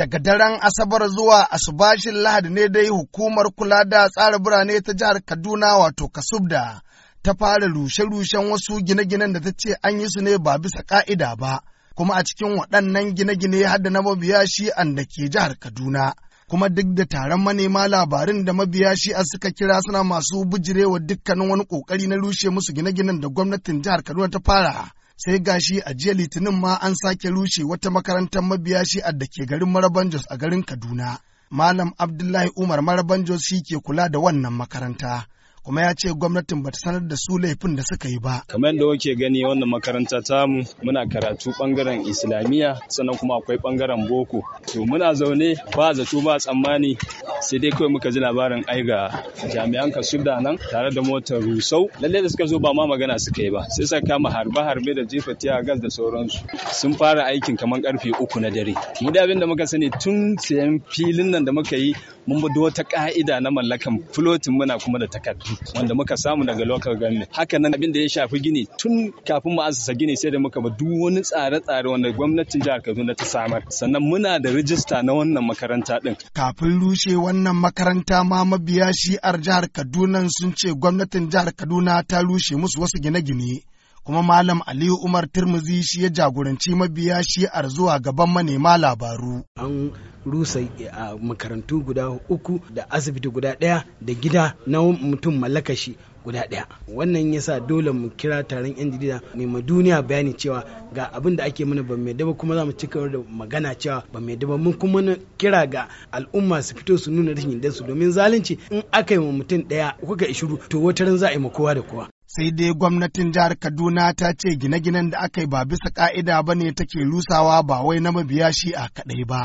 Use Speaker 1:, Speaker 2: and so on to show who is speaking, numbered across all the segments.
Speaker 1: Daga daren Asabar zuwa Asubashin Lahadi ne dai hukumar kula da tsara birane ta jihar Kaduna wato Kasubda ta fara rushe-rushen wasu gine-ginen da ta ce an yi su ne ba bisa ka'ida ba, kuma a cikin waɗannan gine-gine hada na mabiya an da ke jihar Kaduna. kuma duk da taron manema labarin da mabiya shi'a suka kira suna masu bijirewa dukkanin wani kokari na rushe musu gine-ginen da gwamnatin jihar Kaduna ta fara. sai gashi a jiya litinin ma an sake rushe wata makarantar mabiya shi'ar da ke garin maraban jos a garin kaduna malam abdullahi umar maraban jos shi ke kula da wannan makaranta kuma ya ce gwamnatin bata sanar da su laifin da suka yi ba.
Speaker 2: Kamar yadda kuke gani wannan makaranta tamu muna karatu bangaren Islamiyya sannan kuma akwai bangaren Boko. To muna zaune ba zato ba tsammani sai dai kawai muka ji labarin ai ga jami'an da nan tare da motar Rusau. Lalle da suka zo ba ma magana suka yi ba sai suka kama harbe harbe da jefa tiya gas da sauransu. Sun fara aikin kamar karfe uku na dare. Mu da abin da muka sani tun sayan filin nan da muka yi mun bi wata ka'ida na mallakan fulotin muna kuma da takarda. wanda muka samu daga local government haka nan abin da ya shafi gini tun kafin mu ansa gini sai da muka ba duk wani tsare-tsare wanda gwamnatin jihar Kaduna ta samar sannan muna da rijista na wannan makaranta din
Speaker 1: kafin rushe wannan makaranta ma mabiya shi'ar jihar Kaduna sun ce gwamnatin jihar Kaduna ta rushe musu wasu gine-gine kuma Malam Aliyu Umar Turmuzi shi ya jagoranci mabiya shi'ar zuwa gaban manema labaru. An rusa a makarantu guda uku da asibiti guda ɗaya da gida na mutum mallaka shi guda ɗaya. Wannan ya sa dole mu kira taron 'yan jarida mai ma duniya bayani cewa ga abin da ake mana ba mai daba kuma za mu cika da magana cewa ba mai daba mun kuma kira ga al'umma su fito su nuna rashin su domin zalunci in aka yi ma mutum ɗaya kuka ishuru to wataran za a yi ma kowa da kowa. sai dai gwamnatin jihar kaduna ta ce gine-ginen da aka yi ba bisa ka'ida ba ne take rusawa ba wai na mabiya shi a kaɗai ba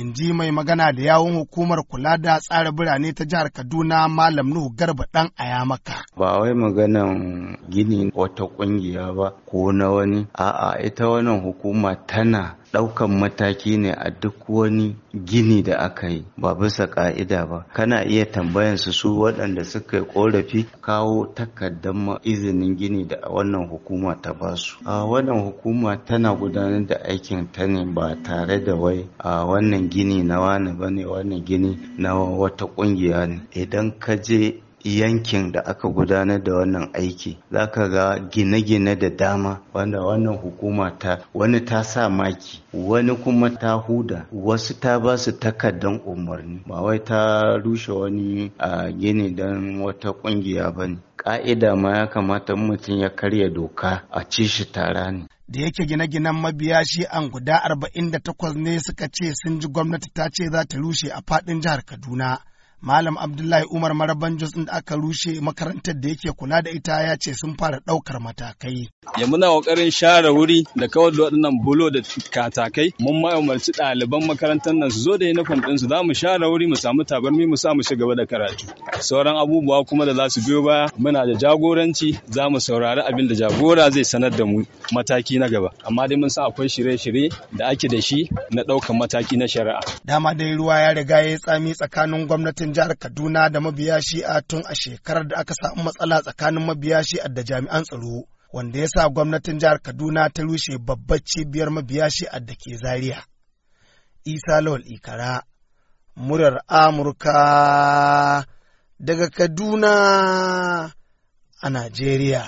Speaker 1: in ji mai magana da yawun hukumar kula da tsara birane ta jihar kaduna malam nuhu garba dan ayamaka
Speaker 3: ba wai maganan gini wata kungiya ba ko na wani a'a ita wannan hukuma tana ɗaukan mataki ne a duk wani gini da aka yi ba bisa ƙa'ida ba kana iya tambayan su su waɗanda suka yi ƙorafi kawo takardar izinin gini da wannan hukuma ta basu a wannan hukuma tana gudanar da aikin ta ne ba tare da wai a wannan gini na wani bane wannan gini na wata ƙungiya ne idan ka je yankin da aka gudanar da wannan aiki za ka ga gine-gine da dama wanda wannan hukuma ta wani ta sa maki wani kuma ta huda wasu ta ba su takardan umarni ba wai ta rushe wani a gini don wata kungiya ba ne ƙa'ida ma ya kamata mutum ya karya doka a ci shi tara ne
Speaker 1: da yake gine-ginen mabiya shi an guda 48 ne suka ce sun ji gwamnati ta ce za ta rushe a faɗin jihar kaduna Malam Abdullahi Umar Maraban Jos da aka rushe makarantar da yake kula da ita ya ce sun fara ɗaukar matakai.
Speaker 2: Ya muna ƙoƙarin share wuri da kawar da waɗannan bulo da katakai mun ma ɗaliban makarantar nan su zo da yunifom ɗinsu za mu share wuri mu samu tabarmi mu sa mu gaba da karatu. Sauran abubuwa kuma da za su biyo baya muna da jagoranci za mu saurari abin da jagora zai sanar da mu mataki na gaba. Amma dai mun san akwai shirye-shirye da ake da shi na ɗaukar mataki na shari'a.
Speaker 1: Dama dai ruwa ya riga ya tsami tsakanin gwamnatin jihar Kaduna da mabiya shi'a tun a shekarar da aka samu matsala tsakanin mabiya shi'a da jami'an tsaro, wanda ya sa gwamnatin jihar Kaduna ta rushe babbar cibiyar mabiya shi'a da ke Zariya. Isa Lawal Ikara, murar Amurka daga Kaduna a Najeriya.